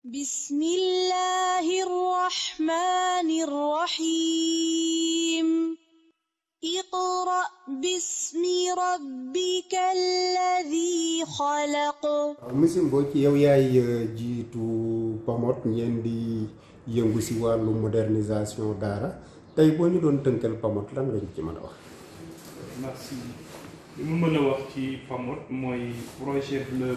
بسم الله الرحمن الرحيم اقرأ باسم ربك الذي خلق مسلم بوكي يو ياي جيتو باموت نين دي ينغسي والو مودرنزاسيون دارا تاي بو ني دون تنكل باموت لان لا نتي مانا واخ ميرسي لي واخ تي باموت موي بروجي بلو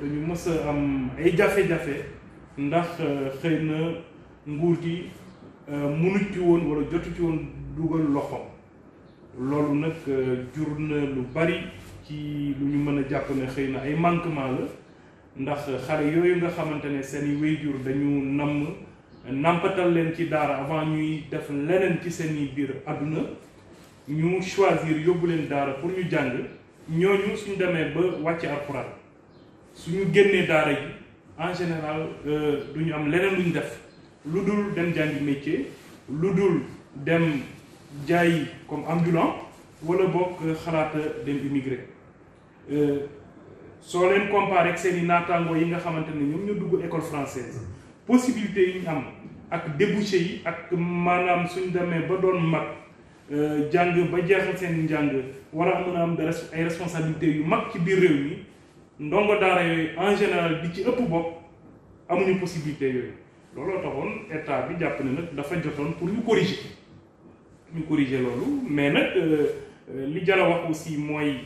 dañu mës a am ay jafe-jafe ndax euh, xëy na nguur gi euh, mënu ci woon wala jotu ci woon dugal loxo loolu nag euh, jur na lu bari ci lu ñu mën a jàpp ne xëy na ay manquement la ndax xale yooyu nga xamante ne seeni wéyjur dañu namm nàmpatal leen ci daara avant ñuy def leneen ci seeni biir àdduna ñu choisir yóbbu leen daara pour ñu jàng ñooñu suñ demee ba wàcc alxuraan suñu génnee daara ji en général euh, du ñu am leneen lu def lu dul dem jàngi métier lu dul dem jaay comme ambulant wala bokk euh, xalaata dem immigré euh, soo leen comparé ak seen i yi nga xamante ne ñoom ñoo dugg école française possibilité yi ñu am ak débouché yi ak maanaam suñ demee ba doon mag jàng ba jeexal seen njàng war a mën a am ay responsabilité yu mag ci biir réew yi ndongo daara yooyu en général bi ci ëpp bopp amuñu possibilité yooyu looloo taxoon état bi jàpp ne nag dafa jotoon pour ñu corriger ñu corriger loolu mais nag euh, euh, li jara wax aussi mooy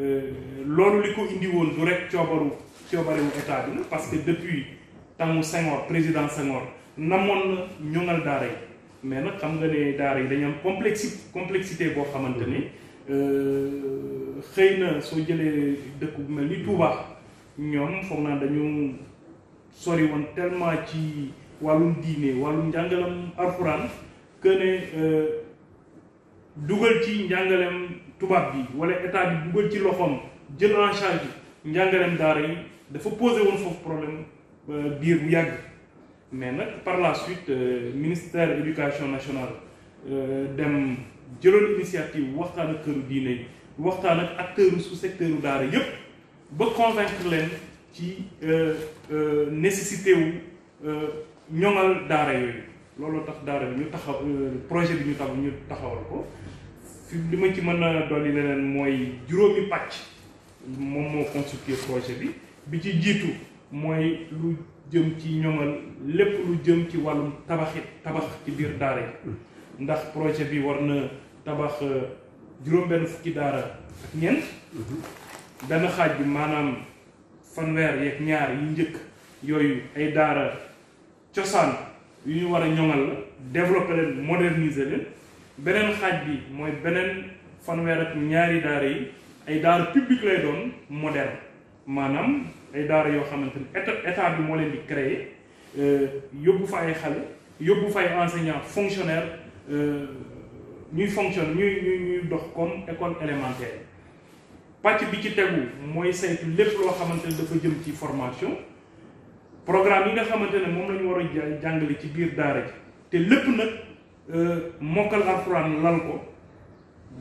euh, loolu li ko indi woon du rek coobaru coobarewu état bi la parce que depuis tamu Senghor président Senghor namoon na ñoŋal daara yi mais nag xam nga ne daara yi dañu am complexi complexité boo xamante ne Euh, xëy na soo jëlee dëkk bu mel ni Touba ñoom foog naa dañu sori woon tellement ci wàllum diine wàllum njàngalam alxuraan que ne euh, dugal ci njàngalem tubaab bi wala état bi dugal ci loxoom jël en charge njàngalem daara yi dafa posé woon foofu problème euh, biir bu yàgg mais nag par la suite ministère éducation nationale dem jëloon initiative waxtaan ak këru diine yi waxtaan ak acteurs su secteur daara yépp ba convaincre leen ci euh, euh, nécessité wu euh, ñoŋal daara yooyu looloo tax daara bi ñu taxaw projet bi ñu tax ñu taxawal ko fi li ma ci mën a dolli leneen mooy juróomi pàcc moom moo constitué projet bi bi ci jiitu mooy lu jëm ci ñoŋal lépp lu jëm ci wàllum tabaxit tabax ci biir daara yi ndax projet bi war na tabax euh, juróom-benn fukki daara ak ñeent mhm. benn xaaj bi maanaam fanweer yeeg ñaar yu njëkk yooyu ay daara cosaan yu ñu war a ñoŋal la développer leen moderniser leen beneen xaaj bi mooy beneen fanweer ak ñaari daara yi ay daara publique lay doon moderne maanaam ay daara yoo xamante ni état bi moo leen di créer euh, yóbbu fa ay xale yóbbu fa ay enseignants fonctionnaires Euh, ñuy fonctionne ñuy ñuy ñuy dox comme école élémentaire pàcc bi ci tegu mooy saytu lépp loo xamante ne dafa jëm ci formation programme yi nga xamante ne moom la ñu war a jàngale ci biir daara ji te lépp nag euh, mokkal alxuraan lal ko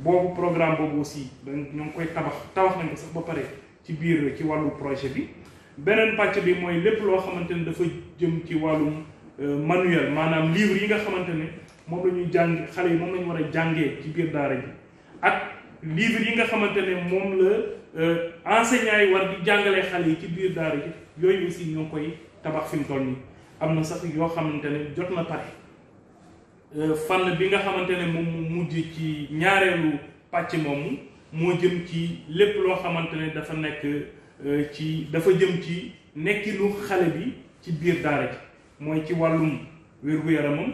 boobu programme boobu aussi dañ ñoo ngi koy tabax tabax nañ ko sax ba pare ci biir ci wàllu projet bi beneen pàcc bi mooy lépp loo xamante ne dafa jëm ci wàllum euh, manuel maanaam livre yi nga xamante ne moom la ñuy jàng xale yi moom la war a jàngee ci biir daara ji ak livre yi nga xamante ne moom la euh, enseignants yi war di jàngalee xale yi ci biir daara ji yooyu aussi ñoo koy tabax fi mu toll nii am na sax yoo xamante ne jot na pare euh, fànn bi nga xamante ne moom mu mujj ci ñaareelu pàcc moomu moo jëm ci lépp loo xamante ne dafa nekk euh, ci dafa jëm ci nekkinu xale bi ci biir daara ji mooy ci wàllum wér-gu-yaramam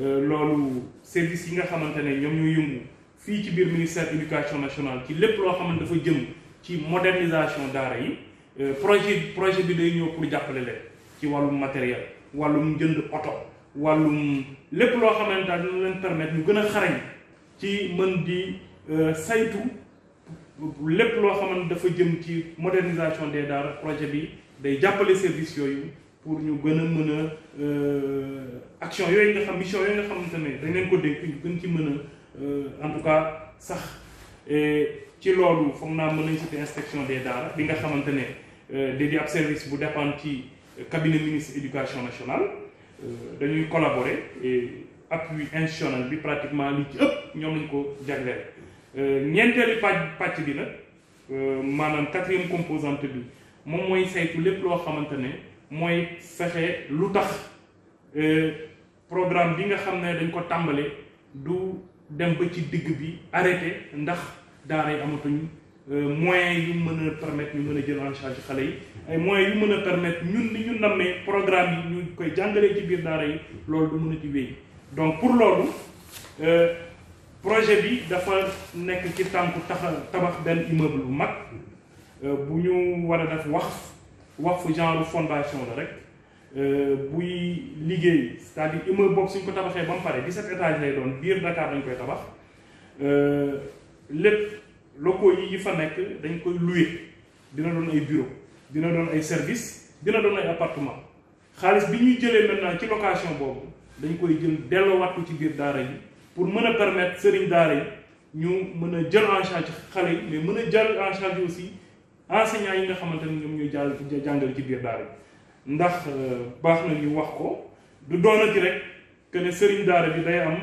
Euh, loolu service yi nga xamante ne ñoom ñu yëngu fii ci biir ministère éducation nationale ci lépp loo xamante dafa jëm ci modernisation daara yi euh, projet projet bi day ñëw pour jàppale leen ci wàllum matériel wàllum jënd oto wàllum lépp loo xamante ne dina leen permettre ñu gën a xarañ ci mën di euh, saytu lépp loo xamante dafa jëm ci modernisation des daara projet bi day jàppale service yooyu pour ñu gën a mën a euh, action yooyu nga xam mission yooyu nga xamante ne dañ leen ko dégg ñu gën ci mën a euh, en tout cas sax ci loolu foog naa mën nañ cité inspection des daara bi nga xamante ne euh, da di ab service bu dépend ci cabinet ministre éducation nationale dañuy collaborer et appui institutionnel bi pratiquement li ci ëpp ñoom lañ ko jagleel ñeenteelu pàcc pàcc bi nag maanaam quatrième composante bi moom mooy saytu lépp loo xamante ne mooy fexe lu tax euh, programme bi nga xam ne dañ ko tàmbalee du dem ba ci digg bi arrêté ndax daara yi amatuñ euh, moyens yu mën a permettre ñu mën a jël en charge xale yi ay moyens yu mën a permettre ñun li ñu nammee programme yi ñu koy jàngalee ci biir daara yi loolu du mën a ci donc pour loolu euh, projet bi dafa nekk ci tànku tax tabax benn immeuble bu mag bu ñu war a def wax wax fu genre fondation la rek euh, buy liggéey c'est-à-dire immeuble boobu suñ ko tabaxee ba mu pare 17 étages lay doon biir Dakar dañ koy tabax euh, lépp locaux yi yi fa nekk dañ koy louer dina doon ay bureau dina doon ay service dina doon ay appartement xaalis bi ñuy jëlee maintenant ci location boobu dañ koy jël delloowaat ko ci biir daara yi pour mën a permettre sëriñ daara yi ñu mën a jël en charge xale yi mais mën a jël en charge aussi enseignants yi nga xamante ne ñoom ñooy jàll jàngale ci biir daara bi ndax euh, baax na ñu wax ko du doonati rek que ne sëriñ daara bi day am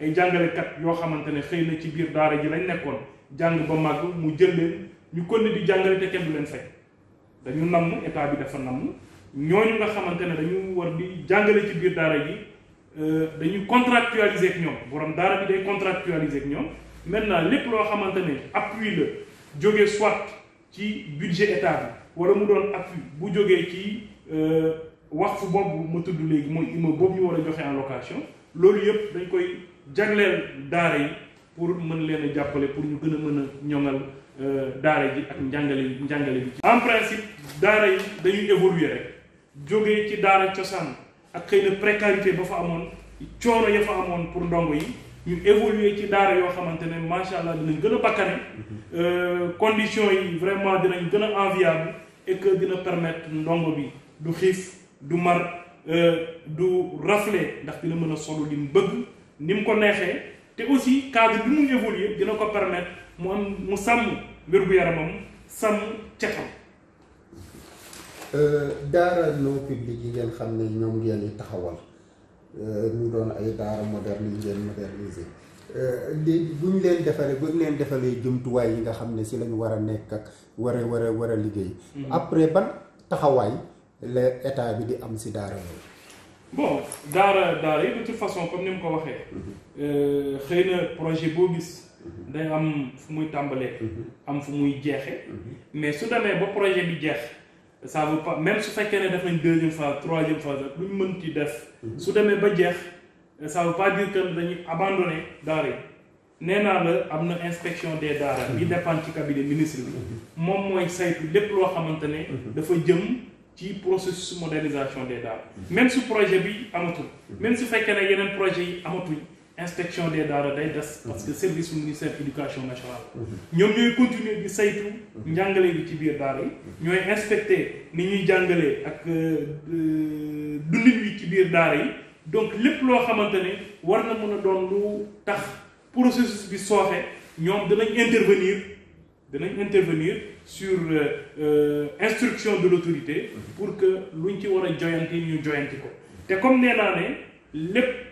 ay jàngalekat yoo xamante ne xëy na ci biir daara ji lañ nekkoon jàng ba màgg mu jël leen ñu kon di jàngale te kenn du leen fay dañu nam état bi dafa nam ñooñu nga xamante ne dañu war di jàngale ci biir daara ji euh, dañu contractualiser ak ñoom borom daara bi day contractualiser ak ñoom maintenant lépp loo xamante ne appui jóge soit ci budget état bi wala mu doon appui bu jógee ci euh, waqfu boobu ma tudd léegi mooy immeuble boobu ñu war a joxe en location loolu yëpp dañ koy jagleel daara yi pour mën leen a jàppale pour ñu gën a mën a ñoŋal euh, daara ji ak njàngale njàngale bi. en principe daara yi dañuy évoluer rek jógee ci daara cosaan ak xëy na précarité ba fa amoon coono ya fa amoon pour ndongo yi ñu évoluer ci daara yoo xamante ne macha allah dinañ gën a bakkane euh, conditions yi vraiment dinañ gën a enviable et que dina permettre ndongo bi du xiif du mar euh, du rafle ndax dina mën a solo li mu bëgg ni mu ko neexee te aussi cadre bi mu évoluer dina ko permettre mu am mu sàmm wér-gu-yaramam sàmm cetam euh, daara non public yi ngeen xam ne ñoom ngeen taxawal ñu euh, doon ay daara moderne yi ngeen modernisé euh, léegi bu ñu leen defaree bu leen defalee jumtuwaay yi nga xam ne si lañ war a nekk ak war a war a war a liggéey. Mm-hmm. après ban taxawaay la état bi di am si daara yooyu. bon daara daara yi de toute façon comme ni mu ko waxee. Mm-hmm. Euh, xëy na projet boo gis. Mm-hmm. day am fu muy tàmbalee. am fu muy jeexee. mais su demee ba projet bi jeex. ça veut pas même su fekkee ne def nañ deuxième phase troisième phase ak lu ñu mënti def. su demee ba jeex ça veut pas dire que dañuy abandonné daara yi nee naa la am na inspection des daara. bi dépend ci cabinet ministre bi. moom mooy saytu lépp loo xamante ne. dafa jëm ci processus modernisation des daara. même su projet bi amatul. même su fekkee ne yeneen projet yi amatuñ inspection des daara day des. Mhm. parce que service bu ministère éducation nationale. Mhm. ñoom ñooy continuer di saytu. njàngale bi ci biir daara yi. Mhm. ñoy inspecter ni ñuy jangalé ak euh, euh, dundin wi ci biir daara yi donc lepp lo xamantene war na mëna a doon lu tax processus bi soxé ñom dinañ intervenir dinañ intervenir sur euh, euh, instruction de l'autorité pour que luñ ci wara a ñu joyanti ko té comme né na né lepp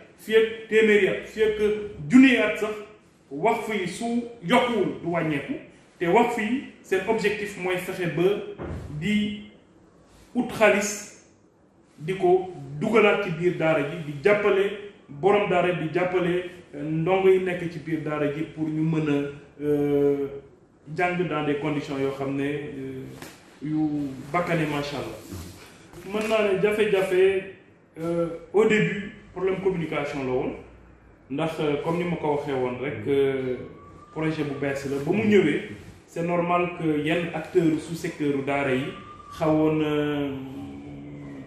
fii ak téeméeri at fii ak at sax wax fi su yokkuwul du wàññeeku te wax fi seen objectif mooy fexe ba di out khalis diko ko ci bir daara ji di jàppale borom daara di jàppale euh, ndongo yi nekk ci bir daara ji pour ñu mëna euh jang dans des conditions yo xamné euh, yu bakane machallah allah mën jafé jafé euh au début problème communication la woon ndax euh, comme ni ma ko waxee woon rek euh, projet bu bees la ba mu ñëwee c'est normal que yenn acteurs sous-secteur daara yi xawoon euh,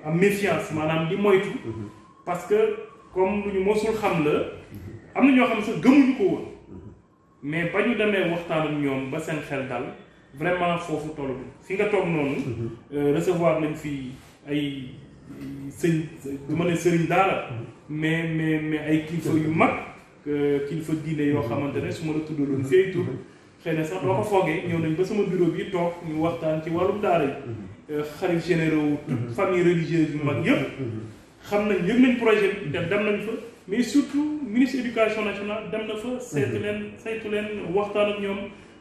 am méfiance maanaam di moytu mhm. parce que comme lu ñu mosul xam la am na ñoo xam sax gëmuñu ko woon mhm. mais ba ñu demee waxtaan ak ñoom ba seen xel dal vraiment foofu tollu fi nga toog noonu mhm. recevoir nañ fi ay sëñ du ma ne sëriñ daara mais mais mais ay kilifa yu mag kilifa diine yoo xamante ne su ma la tuddaloon seen tur xëy na sax doo ko foogee ñëw nañ ba sama bureau bi toog ñu waxtaan ci wàllum daara yi xalif généraux toute famille religieuse yu mag yëpp xam nañ yëg nañ projet bi te dem nañ fa mais surtout ministre éducation nationale dem na fa saytu leen saytu leen waxtaan ak ñoom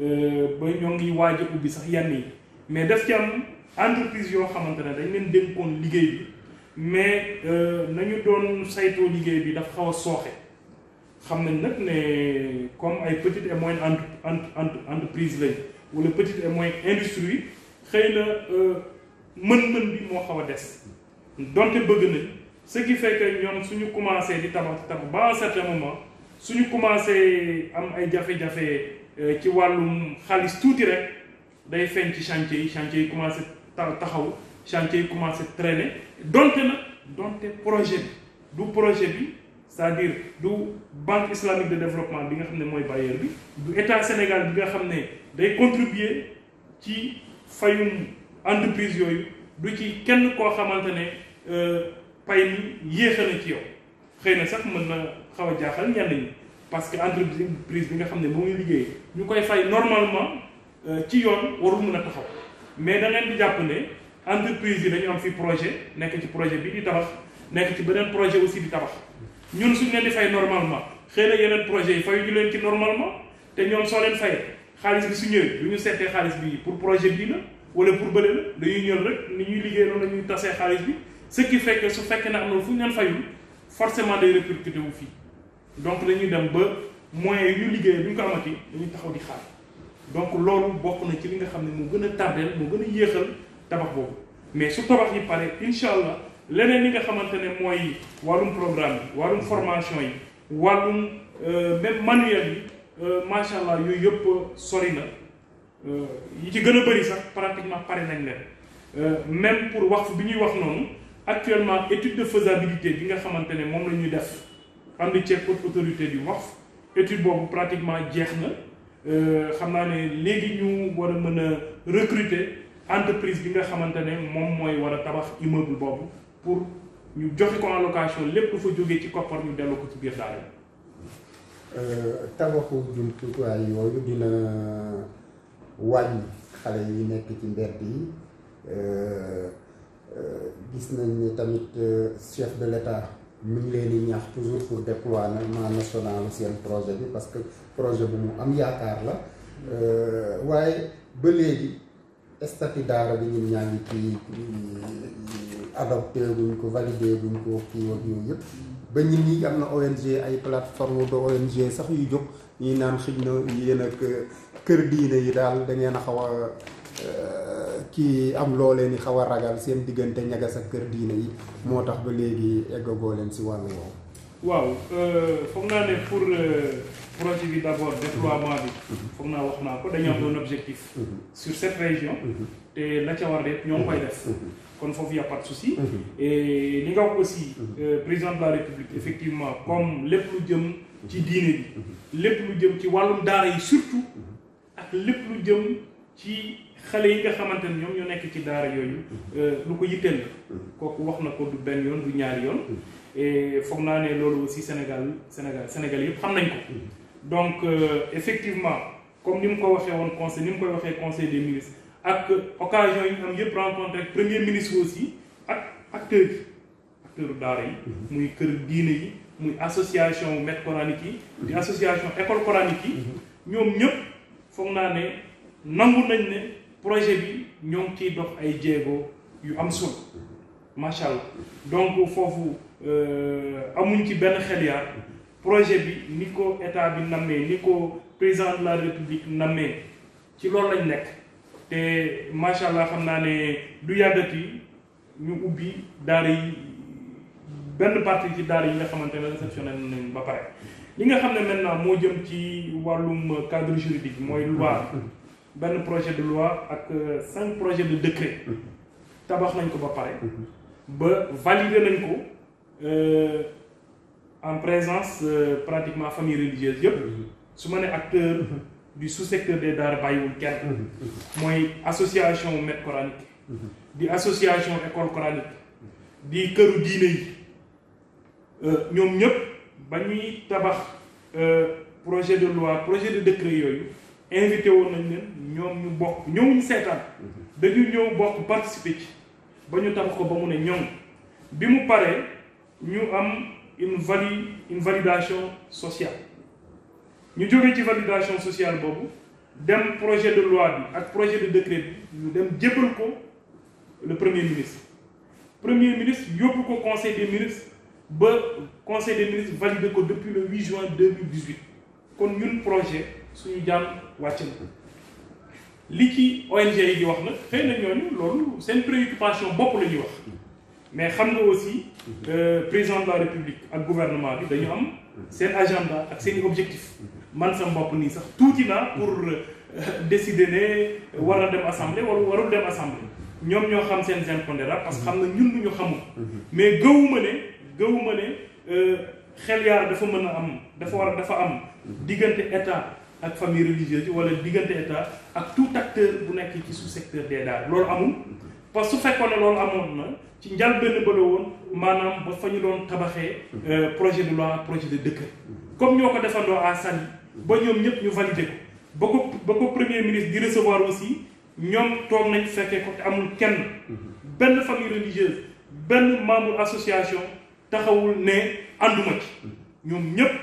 Euh, ba ñoo ngi waaj a ubbi sax yenn yi mais daf ci am entreprise yoo xamante ne dañ leen dénkoon liggéey bi mais euh, nañu doon saytoo liggéey bi dafa xaw a sooxe xam nañ nag ne comme ay petite et moyenne entre entreprise lañ wala petite et moyenne industrie xëy na euh, mën-mën bi moo xaw a des donte bëgg nañ ce qui fait que ñoom suñu commencé di tabax tabax ba un certain moment suñu commencé am ay jafe-jafe euh, ci wàllum xaalis tuuti rek day feeñ ci chantier yi chantier yi commencé taxaw chantier yi commencé traîner donte na donte projet bi du projet bi c'est-à-dire du banque islamique de développement bi nga xam ne mooy bailleur bi du état Sénégal bi nga xam ne day contribuer ci fayum entreprise yooyu du ci kenn koo xamante ne euh, pay mi yéexa na ci yow xëy na sax mën na xaw a jaaxal ñenn ñi parce que entreprise bi nga ngi fay normalement euh, ci yoon warul taxaw mais da ngeen di jàpp ne entreprise yi dañu am projet nekk ci projet bi di projet aussi di tabax ñun suñu di fay normalement xëy na projet normalement te ñoom soo leen fay xaalis bi su ñu bi pour projet bii la wala pour la dañuy ñëw rek ni ñuy liggéey ce qui fait que su fait ne am fu forcément donc dañuy dem ba moyens yu liggéey bi ñu ko amati dañuy taxaw di xaar donc loolu bokk na ci li nga xam ne moo gën a tardeel moo gën a yéexal tabax boobu mais su tabax yi pare incha allah leneen li nga xamante ne mooy wàllum programme yi wàllum formation yi wàllum euh, même manuel yi euh, macha allah yooyu yëpp sori na euh, yi ci gën a bëri sax pratiquement pare nañ leen même pour wax bi ñuy wax noonu actuellement étude de faisabilité bi nga xamante ne moom la ñuy def. ànd ceeg haute autorité du WAF étude boobu pratiquement jeex na euh, xam naa ne léegi ñu war a mën a recruter entreprise bi nga xamante ne moom mooy war a tabax immeuble boobu pour ñu joxe ko en lépp lu fa jógee ci koppar ñu delloo ko ci biir daara euh, tabaxu jumtuwaay yooyu dina wàññi xale yi nekk ci mbedd yi euh, gis nañ ni tamit chef de l'État ñu ngi leen di ñaax toujours pour déploiement national seen projet bi parce que projet bu mu am yaakaar la euh, waaye ba léegi statut daara bi ñun ñaa ngi kii adopté guñ ko validé buñ ko kii ak yooyu yëpp ba ñun ñi am na ONG ay plateforme de ONG sax yu jóg ñuy naan xëj na yéen ak euh, kër diine yi daal da ngeen a xaw a qui am loo ni xawa ragal seen diggante ñagas ak kër diiné yi motax ba légui eggagoo leen ci walu woowu. waaw euh, foog na né pour euh, projet bi d' déploiement bi. Mhm. foog naa wax na ko dañu am mhm. un objectif. Mhm. sur cette région. té la ci war yëpp ñoo koy def. kon fofu y' a pas de souci. et li nga wax aussi. Euh, président de la république effectivement comme lepp lu jëm ci diiné bi. lepp lu jëm ci walum daara yi surtout. ak lepp lu jëm ci xale yi nga xamante ni ñoom ñoo nekk ci daara yooyu euh, lu ko yitteel la kooku wax na ko du benn yoon du ñaari yoon et foog naa ne loolu aussi Sénégal Sénégal Sénégal yëpp xam nañ ko donc euh, effectivement comme ni mu ko waxee woon conseil ni mu koy waxee conseil des ministres ak occasion yi am yëpp rencontre ak premier ministre aussi ak acteurs yi acteurs daara yi muy kër diine yi muy association maître coranique yi di association école coranique yi ñoom ñëpp foog naa ne nangu nañ ne projet bi ñoo ngi ciy dox ay jéego yu am solo macha allah donc foofu euh, amuñ ci benn xel yaar projet bi ni ko état bi namee ni ko président la république nammee ci loolu lañ nekk te macha xam naa ne du yàggati ñu ubbi daar yi benn partie ci daara yi nga xamante ne réceptionné nañ ba pare li nga xam ne maintenant moo jëm ci wàllum cadre juridique mooy loi ben projet de loi ak euh, cinq projets de décret mm-hmm. tabac nañ ko ba ben valider nañ ko euh, en présence euh, pratiquement famille religieuse yëpp mm-hmm. su ma des acteur du sous-secteur des dar bàyyiwul kenn mooy association maître coranique des association école coranique di kerou dîner yi ñoom ñëpp ba ñuy projet de loi projet de décret invité woon nañ leen ñoom ñu bokk ñëwuñu seetaan mhm. dañu ñëw bokk participer ci ba ñu ko ba mu bi mu une une validation sociale Nous avons ci validation sociale boobu dem projet de loi bi ak projet de décret bi ñu dem ko le premier ministre premier ministre yóbbu ko conseil des ministres ba conseil des ministres validé ko depuis le 8 juin 2018 kon ñun projet ce qui est na ONG yi di préoccupation mais xam aussi euh, président de la république ak gouvernement bi dañu am agenda ak objectif man pour euh, décider ne dem assemblée wala dem assemblée parce que xam na ñun mais gëwuma ne gëwuma xel dafa ak famille religieuse wala diggante état ak tout acteur bu nekk ci sous secteur des dar loolu amul parce que su fekkoon ne loolu amoon na ci njëlbéen ba la woon maanaam ba fa ñu doon tabaxee euh, projet de loi projet de décret comme ñoo ko defandoo à Saly ba ñoom ñëpp ñu validé ko ba ko ba ko premier ministre di recevoir aussi ñoom toog nañ fekkee ko amul kenn benn famille religieuse benn membre association taxawul ne anduma ci ñoom ñëpp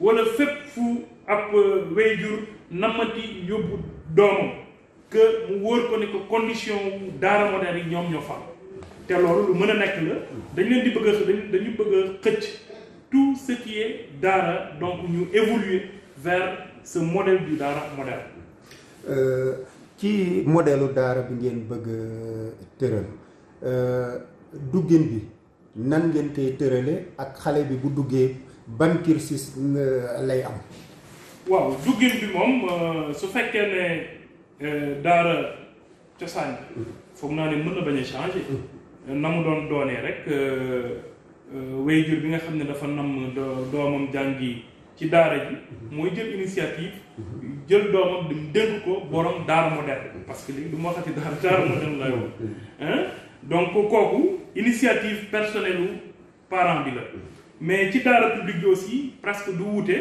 wala fépp fu ab euh, wéyjur namati yóbbu doomam que mu wóor ko ne ko condition wu daara moderne yi ñoom ñoo te loolu lu mën a nekk la dañ leen di bëgg a dañu bëgg a xëcc tout ce qui est daara donc ñu évoluer vers ce modèle du daara moderne. Euh, ci modèle daara bi ngeen bëgg tëral euh, duggin bi nan ngeen koy tërale ak xale bi bu duggee. ban cursus lay am. waaw duggin bi moom euh, su fekkee ne euh, daara cosaan mm. foog naa ne mën na bañ a changer. Mm. na mu doon doonee rek euh, wéyjur bi nga xam ne dafa nam doomam jàngi ci daara ji. Mm-hmm. mooy jël initiative. Mm-hmm. jël doomam di dénk ko borom daara moderne mm. parce que léegi du ma daara daara moderne lay wax. donc kooku initiative personnelle parent bi la. mais ci daara publique bi aussi presque du wuute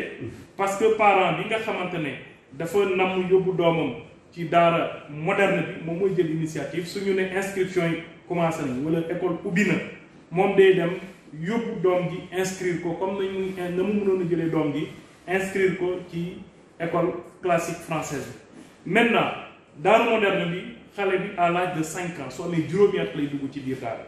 parce que parent bi nga xamante ne dafa nam yóbbu doomam ci daara moderne bi moom mooy jël initiative suñu ne inscription yi commencé nañ wala école ubbi na moom day dem yóbbu doom gi inscrire ko comme nañu na mu mënoon a jëlee doom ji inscrire ko ci école classique française bi maintenant daara moderne bi xale bi à l'âge de 5 ans soo amee juróomi at lay dugg ci biir daara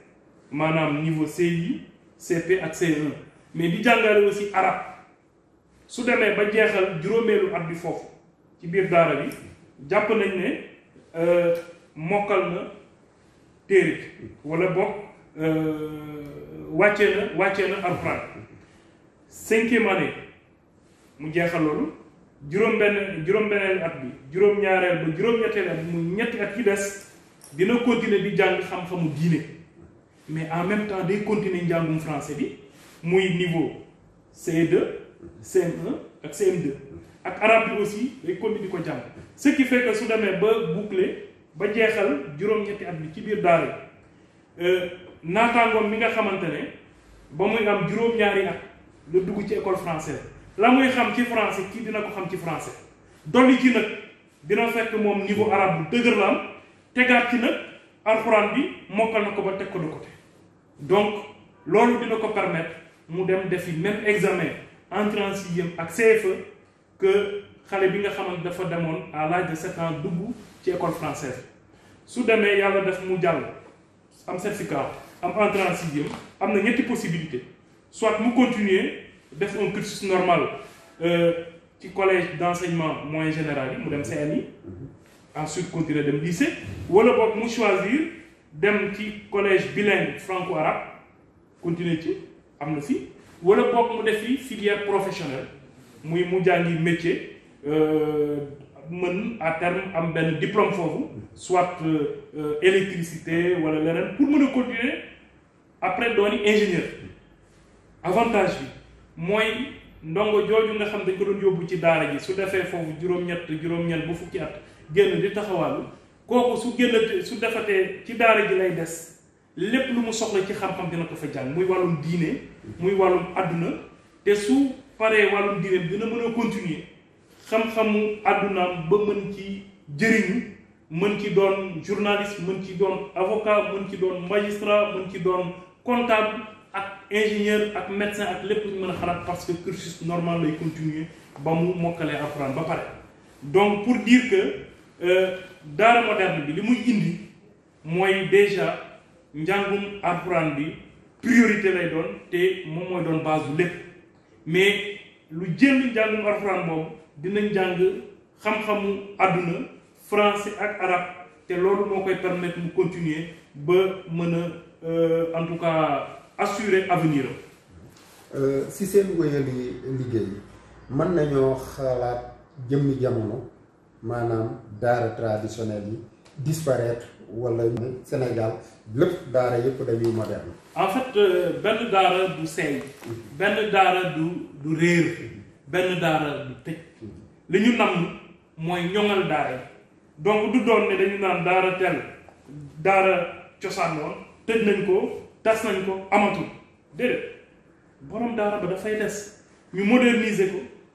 Manam niveau CI CP et C1 mais di jangale aussi arab su demé ba jéxal at bi ci biir daara bi japp nañ euh mokal na wala euh na na cinquième année mu jéxal juróom-benn juróom at bi juróom-ñaareel ba juróom ñetti at yi des dina continuer di jàng xam-xamu mais en même temps day continuer njàngum français bi muy niveau C2 CM1 ak CM2 ak arabe aussi day continuer di ko ce qui fait que su ba boucler ba jeexal juróom-ñetti at bi ci biir daara euh, natangom mi nga xamantene ba muy am juróom-ñaari at le dugg ci école française la muy xam ci français Qui dina ko xam ci français le ci nak dina fekk mom niveau arabe deugur dëgër la am tegaat ci alxuraan bi mokkal na ba de côté donc loolu dina ko permettre mu dem même examen entre en sixième ak CFE que xale bi à l'âge de 7 ans dugg ci française su il y def mu am certificat am en ñetti possibilité soit mu continuer def un cursus normal euh, ci collège d'enseignement moyen général mu mhm ensuite continuer dem lycée wala bok mu choisir dem ci collège bilingue franco arabe continuer ci amna na wala bok mu def fi filière professionnelle muy mu jàngi métier euh, mën à terme am ben diplôme foofu soit euh, électricité wala leneen pour mën continuer après doni ingénieur avantage bi mooy ndongo jooju nga xam dañ ko doon yóbbu ci daara ji su defee foofu juróom-ñett juróom-ñett bu fukki at génn di taxawaalu kooku su génn su defate ci daara ji lay des lépp lu mu soxla ci xam-xam dina ko fa jàng muy wàllum diine muy wàllum àdduna te su paree wàllum diine dina mën a continuer xam-xamu àddunaam ba mën ci jëriñu mën ci doon journaliste mën ci doon avocat mën ci doon magistrat mën ci doon comptable ak ingénieur ak médecin ak lépp lu ñu mën a xalaat parce que cursus normal lay continuer ba mu mokkalee alxuraan ba pare donc pour dire que Euh, daara moderne bi li muy indi mooy déjà njàngum alxuraan bi priorité lay doon te moom mooy doon base bu lépp mais lu jënd njàngum alxuraan boobu dinañ jàng xam-xamu àdduna français ak arabe te loolu moo koy permettre mu continuer ba mën a euh, en tout cas assurer avenir am. Euh, si seen wéyali liggéey mën nañoo xalaat jëmmi jamono. maanaam daara traditionnel yi disparaître wala Sénégal lépp daara yëpp dañuy moderne en fait euh, benn daara du seey benn daara du du réer benn daara du tëj li ñu nam mooy ñoŋal daara yi donc du doon ne dañu naan daara teel daara cosaan tëj nañ ko tas nañ ko amatul déedéet borom daara ba dafay des ñu moderniser ko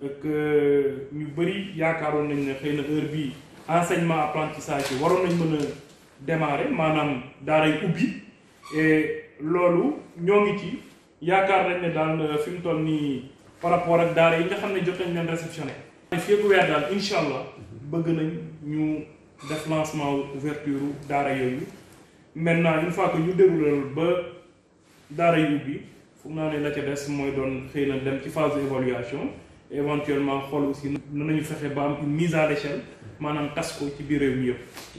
que euh, ñu bëri yaakaaroon nañ ne xëy na heure bii enseignement apprentissage yi waroon nañ mën a démarrer maanaam daaray ubbi et loolu ñoo ngi ci yaakaar nañ ne daal euh, fi toll nii par rapport ak daara yi nga xam ne jot nañ leen réceptionné. fii ak weer daal incha allah bëgg nañ ñu def lancement ouverture daara yooyu maintenant une fois que ñu déroulé ba daara yu ubbi foog naa ne la ca des mooy doon xëy na dem ci phase d'évaluation éventuellement xool aussi nan nañu fexe ba am une mise à l'échelle maanaam tas ko ci biir réew mi yëpp